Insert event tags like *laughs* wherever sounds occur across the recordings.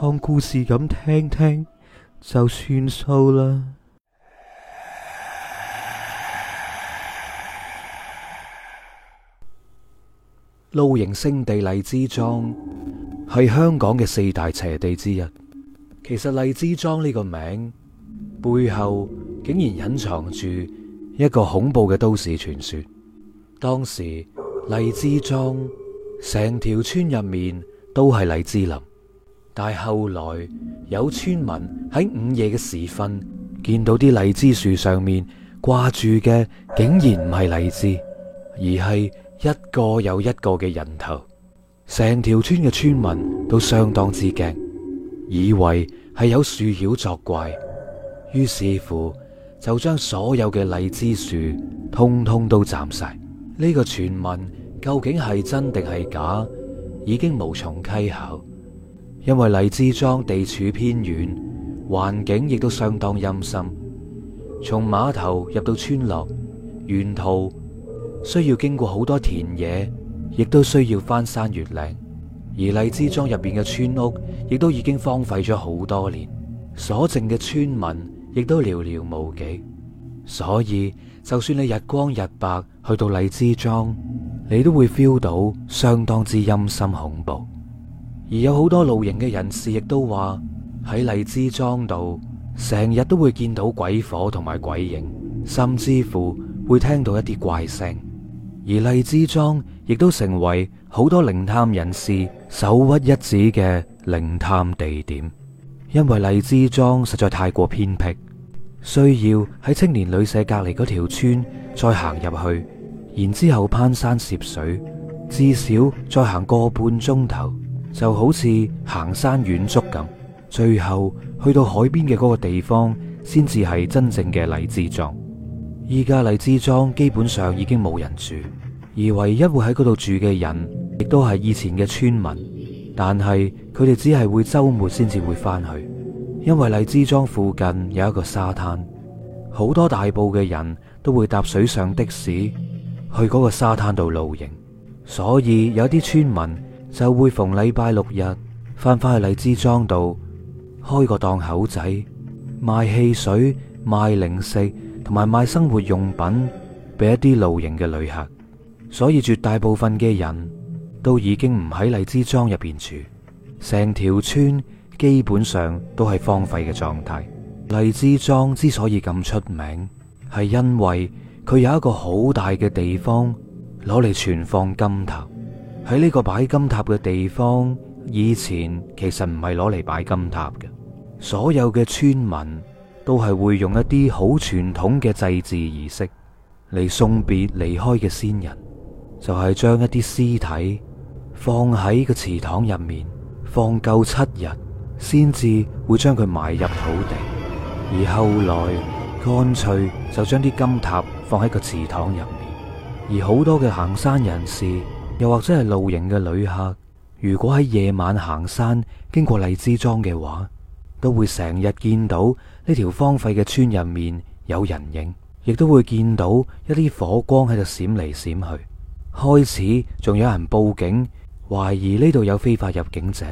當故事咁聽聽就算數啦。露營勝地荔枝莊係香港嘅四大邪地之一。其實荔枝莊呢個名背後竟然隱藏住一個恐怖嘅都市傳說。當時荔枝莊成條村入面都係荔枝林。但係後來有村民喺午夜嘅時分見到啲荔枝樹上面掛住嘅竟然唔係荔枝，而係一個又一個嘅人頭。成條村嘅村民都相當之驚，以為係有樹妖作怪，於是乎就將所有嘅荔枝樹通通都斬晒。呢個傳聞究竟係真定係假，已經無從稽考。因為荔枝莊地處偏遠，環境亦都相當陰森。從碼頭入到村落，沿途需要經過好多田野，亦都需要翻山越嶺。而荔枝莊入邊嘅村屋，亦都已經荒廢咗好多年，所剩嘅村民亦都寥寥無幾。所以，就算你日光日白去到荔枝莊，你都會 feel 到相當之陰森恐怖。而有好多露營嘅人士亦都話喺荔枝莊度，成日都會見到鬼火同埋鬼影，甚至乎會聽到一啲怪聲。而荔枝莊亦都成為好多靈探人士首屈一指嘅靈探地點，因為荔枝莊實在太過偏僻，需要喺青年旅社隔籬嗰條村再行入去，然之後攀山涉水，至少再行個半鐘頭。就好似行山遠足咁，最後去到海邊嘅嗰個地方，先至係真正嘅荔枝莊。而家荔枝莊基本上已經冇人住，而唯一會喺嗰度住嘅人，亦都係以前嘅村民。但係佢哋只係會周末先至會翻去，因為荔枝莊附近有一個沙灘，好多大埔嘅人都會搭水上的士去嗰個沙灘度露營，所以有啲村民。就會逢禮拜六日翻返去荔枝莊度開個檔口仔賣汽水、賣零食同埋賣生活用品俾一啲露營嘅旅客，所以絕大部分嘅人都已經唔喺荔枝莊入邊住，成條村基本上都係荒廢嘅狀態。荔枝莊之所以咁出名，係因為佢有一個好大嘅地方攞嚟存放金塔。喺呢個擺金塔嘅地方，以前其實唔係攞嚟擺金塔嘅。所有嘅村民都係會用一啲好傳統嘅祭祀儀式嚟送別離開嘅先人，就係將一啲屍體放喺個祠堂入面，放夠七日，先至會將佢埋入土地。而後來乾脆就將啲金塔放喺個祠堂入面，而好多嘅行山人士。又或者係露營嘅旅客，如果喺夜晚行山經過荔枝莊嘅話，都會成日見到呢條荒廢嘅村入面有人影，亦都會見到一啲火光喺度閃嚟閃去。開始仲有人報警，懷疑呢度有非法入境者，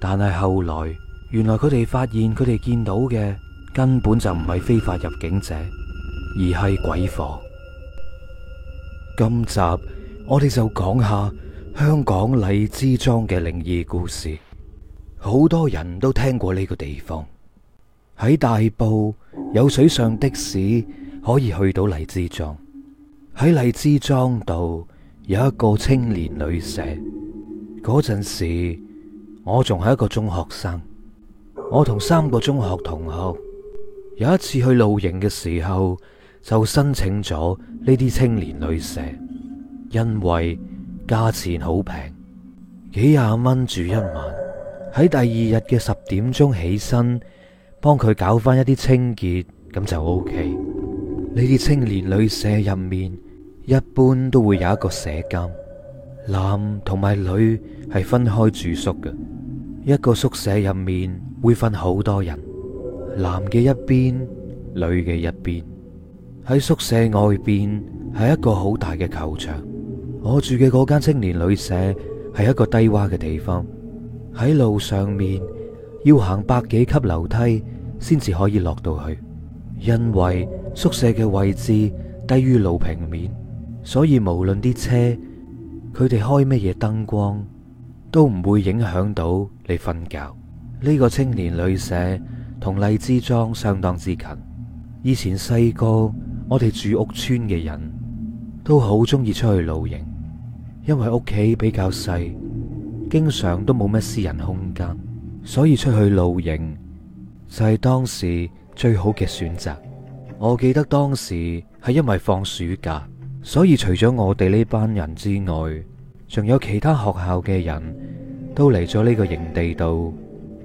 但係後來，原來佢哋發現佢哋見到嘅根本就唔係非法入境者，而係鬼火。今集。我哋就講下香港荔枝莊嘅靈異故事。好多人都聽過呢個地方。喺大埔有水上的士可以去到荔枝莊。喺荔枝莊度有一個青年旅社。嗰陣時我仲係一個中學生，我同三個中學同學有一次去露營嘅時候，就申請咗呢啲青年旅社。因為價錢好平，幾廿蚊住一晚。喺第二日嘅十點鐘起身，幫佢搞翻一啲清潔，咁就 OK。呢啲青年旅社入面，一般都會有一個舍監，男同埋女係分開住宿嘅。一個宿舍入面會分好多人，男嘅一邊，女嘅一邊。喺宿舍外邊係一個好大嘅球場。我住嘅嗰間青年旅舍係一個低窪嘅地方，喺路上面要行百幾級樓梯先至可以落到去。因為宿舍嘅位置低於路平面，所以無論啲車佢哋開乜嘢燈光，都唔會影響到你瞓覺。呢、這個青年旅舍同荔枝莊相當之近。以前細個我哋住屋村嘅人，都好中意出去露營，因為屋企比較細，經常都冇咩私人空間，所以出去露營就係當時最好嘅選擇。我記得當時係因為放暑假，所以除咗我哋呢班人之外，仲有其他學校嘅人都嚟咗呢個營地度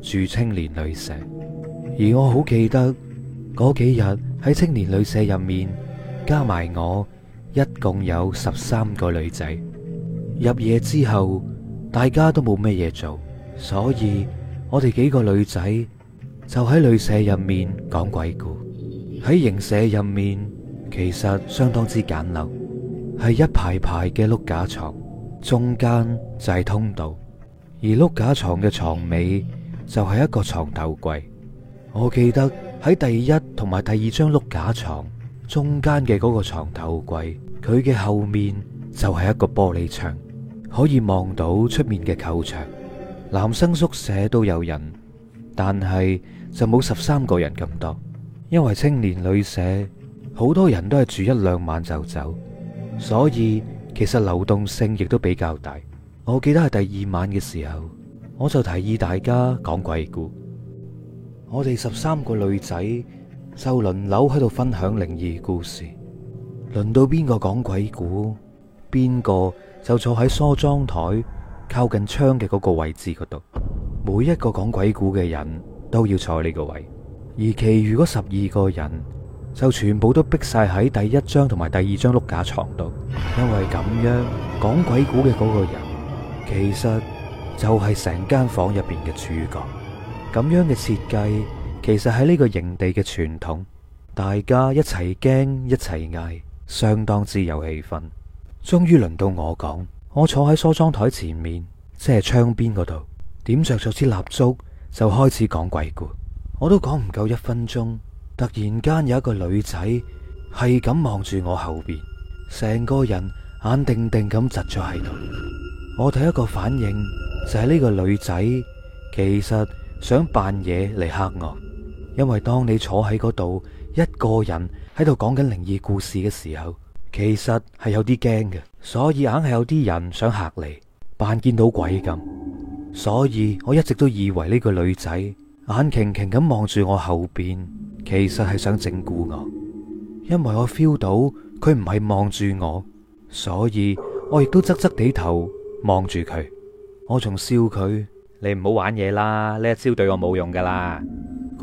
住青年旅社。而我好記得嗰幾日喺青年旅社入面，加埋我。一共有十三個女仔，入夜之後，大家都冇咩嘢做，所以我哋幾個女仔就喺旅舍入面講鬼故。喺營舍入面，其實相當之簡陋，係一排排嘅碌架床，中間就係通道，而碌架床嘅床尾就係一個床頭櫃。我記得喺第一同埋第二張碌架床。中間嘅嗰個床頭櫃，佢嘅後面就係一個玻璃牆，可以望到出面嘅球場。男生宿舍都有人，但係就冇十三個人咁多，因為青年旅社好多人都係住一兩晚就走，所以其實流動性亦都比較大。我記得係第二晚嘅時候，我就提議大家講鬼故。我哋十三個女仔。就輪流喺度分享靈異故事，輪到邊個講鬼故，邊個就坐喺梳妝台靠近窗嘅嗰個位置嗰度。每一個講鬼故嘅人都要坐呢個位，而其餘嗰十二個人就全部都逼晒喺第一張同埋第二張碌架床度。因為咁樣，講鬼故嘅嗰個人其實就係成間房入邊嘅主角。咁樣嘅設計。其實喺呢個營地嘅傳統，大家一齊驚一齊嗌，相當之有氣氛。終於輪到我講，我坐喺梳妝台前面，即係窗邊嗰度，點着咗支蠟燭就開始講鬼故。我都講唔夠一分鐘，突然間有一個女仔係咁望住我後邊，成個人眼定定咁窒咗喺度。我第一個反應就係呢個女仔其實想扮嘢嚟吓我。因為當你坐喺嗰度一個人喺度講緊靈異故事嘅時候，其實係有啲驚嘅，所以硬係有啲人想吓你，扮見到鬼咁。所以我一直都以為呢個女仔眼擎擎咁望住我後邊，其實係想整蠱我。因為我 feel 到佢唔係望住我，所以我亦都側側地頭望住佢，我仲笑佢：你唔好玩嘢啦，呢一招對我冇用噶啦。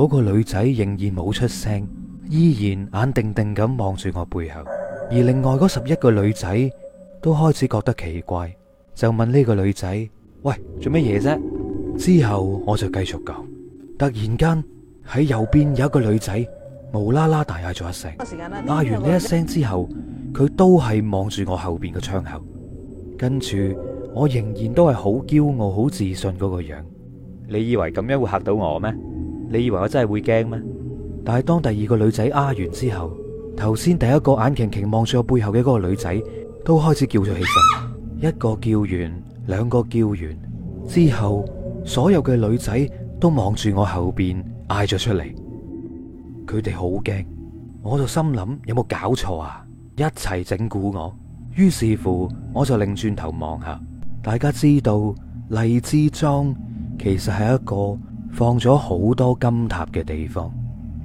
嗰個女仔仍然冇出聲，依然眼定定咁望住我背後。而另外嗰十一個女仔都開始覺得奇怪，就問呢個女仔：喂，做乜嘢啫？之後我就繼續講。突然間喺右邊有一個女仔無啦啦大嗌咗一聲，嗌完呢一聲之後，佢都係望住我後邊嘅窗口。跟住我仍然都係好驕傲、好自信嗰個樣。你以為咁樣會嚇到我咩？你以為我真係會驚咩？但係當第二個女仔呃完之後，頭先第一個眼擎擎望住我背後嘅嗰個女仔，都開始叫咗起身。 *laughs* 一個叫完，兩個叫完之後，所有嘅女仔都望住我後邊嗌咗出嚟。佢哋好驚，我就心諗有冇搞錯啊？一齊整蠱我。於是乎，我就擰轉，轉頭望下。大家知道荔枝莊其實係一個。放咗好多金塔嘅地方，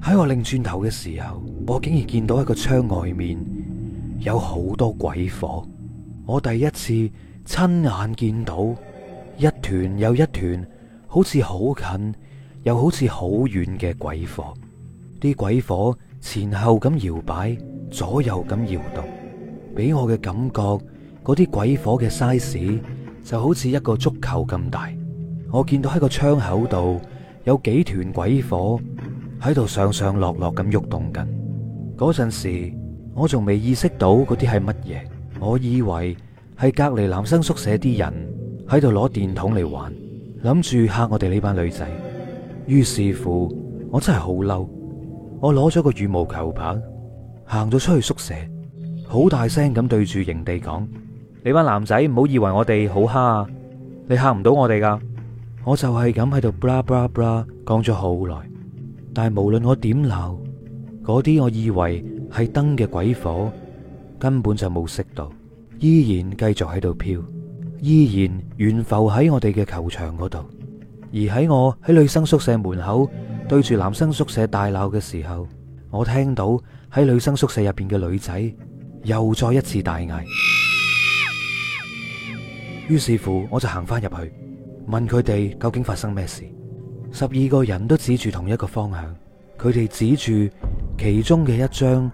喺我擰轉頭嘅時候，我竟然見到一個窗外面有好多鬼火。我第一次親眼見到一團又一團，好似好近，又好似好遠嘅鬼火。啲鬼火前後咁搖擺，左右咁搖動，俾我嘅感覺，嗰啲鬼火嘅 size 就好似一個足球咁大。我見到喺個窗口度。有幾團鬼火喺度上上落落咁喐動緊，嗰陣時我仲未意識到嗰啲係乜嘢，我以為係隔籬男生宿舍啲人喺度攞電筒嚟玩，諗住吓我哋呢班女仔。於是乎，我真係好嬲，我攞咗個羽毛球拍行咗出去宿舍，好大聲咁對住營地講：你班男仔唔好以為我哋好蝦啊，你吓唔到我哋噶！我就係咁喺度，bla bla b l 講咗好耐。但係無論我點鬧，嗰啲我以為係燈嘅鬼火，根本就冇熄到，依然繼續喺度飄，依然懸浮喺我哋嘅球場嗰度。而喺我喺女生宿舍門口對住男生宿舍大鬧嘅時候，我聽到喺女生宿舍入邊嘅女仔又再一次大嗌。於是乎，我就行翻入去。問佢哋究竟發生咩事？十二個人都指住同一個方向，佢哋指住其中嘅一張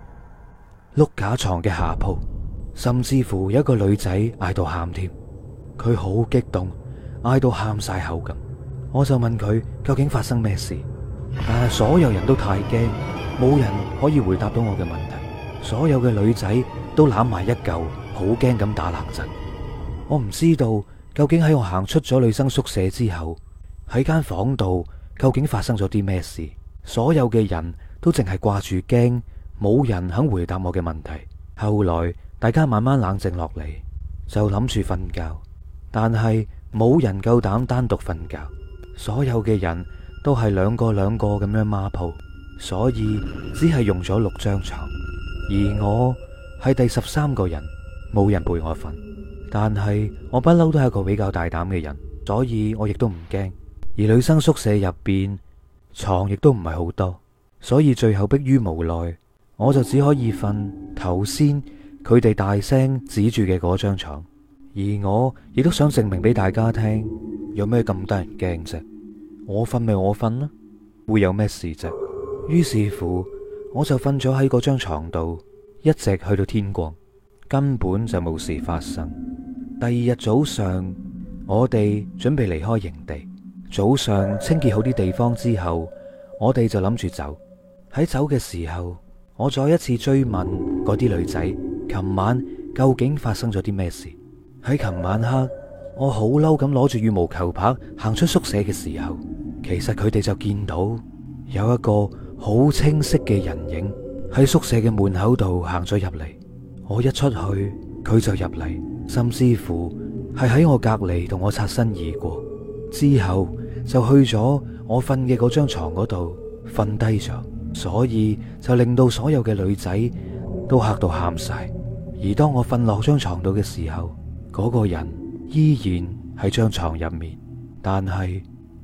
碌架床嘅下鋪，甚至乎有一個女仔嗌到喊添，佢好激動，嗌到喊晒口咁。我就問佢究竟發生咩事，但係所有人都太驚，冇人可以回答到我嘅問題。所有嘅女仔都攬埋一嚿，好驚咁打冷震。我唔知道。究竟喺我行出咗女生宿舍之後，喺間房度究竟發生咗啲咩事？所有嘅人都淨係掛住驚，冇人肯回答我嘅問題。後來大家慢慢冷靜落嚟，就諗住瞓覺，但係冇人夠膽單獨瞓覺。所有嘅人都係兩個兩個咁樣孖鋪，所以只係用咗六張床，而我係第十三個人，冇人陪我瞓。但係我不嬲，都係一個比較大膽嘅人，所以我亦都唔驚。而女生宿舍入邊床亦都唔係好多，所以最後迫於無奈，我就只可以瞓頭先佢哋大聲指住嘅嗰張床。而我亦都想證明俾大家聽，有咩咁得人驚啫？我瞓咪我瞓啦，會有咩事啫？於是乎，我就瞓咗喺嗰張床度，一直去到天光，根本就冇事發生。第二日早上，我哋準備離開營地。早上清潔好啲地方之後，我哋就諗住走。喺走嘅時候，我再一次追問嗰啲女仔，琴晚究竟發生咗啲咩事？喺琴晚黑，我好嬲，咁攞住羽毛球拍行出宿舍嘅時候，其實佢哋就見到有一個好清晰嘅人影喺宿舍嘅門口度行咗入嚟。我一出去，佢就入嚟。甚至乎係喺我隔籬同我擦身而過之後，就去咗我瞓嘅嗰張床嗰度瞓低咗，所以就令到所有嘅女仔都吓到喊晒。而當我瞓落張床度嘅時候，嗰個人依然喺張床入面，但係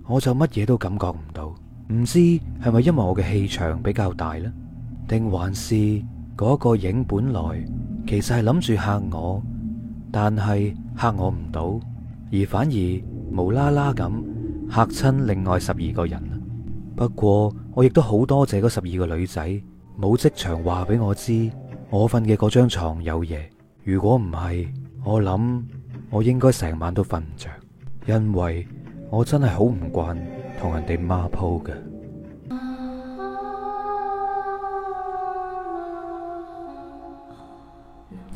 我就乜嘢都感覺唔到，唔知係咪因為我嘅氣場比較大呢？定還是嗰個影本來其實係諗住吓我。但係嚇我唔到，而反而無啦啦咁嚇親另外十二個人。不過我亦都好多謝嗰十二個女仔，冇即場話俾我知我瞓嘅嗰張床有嘢。如果唔係，我諗我應該成晚都瞓唔着，因為我真係好唔慣同人哋孖鋪嘅。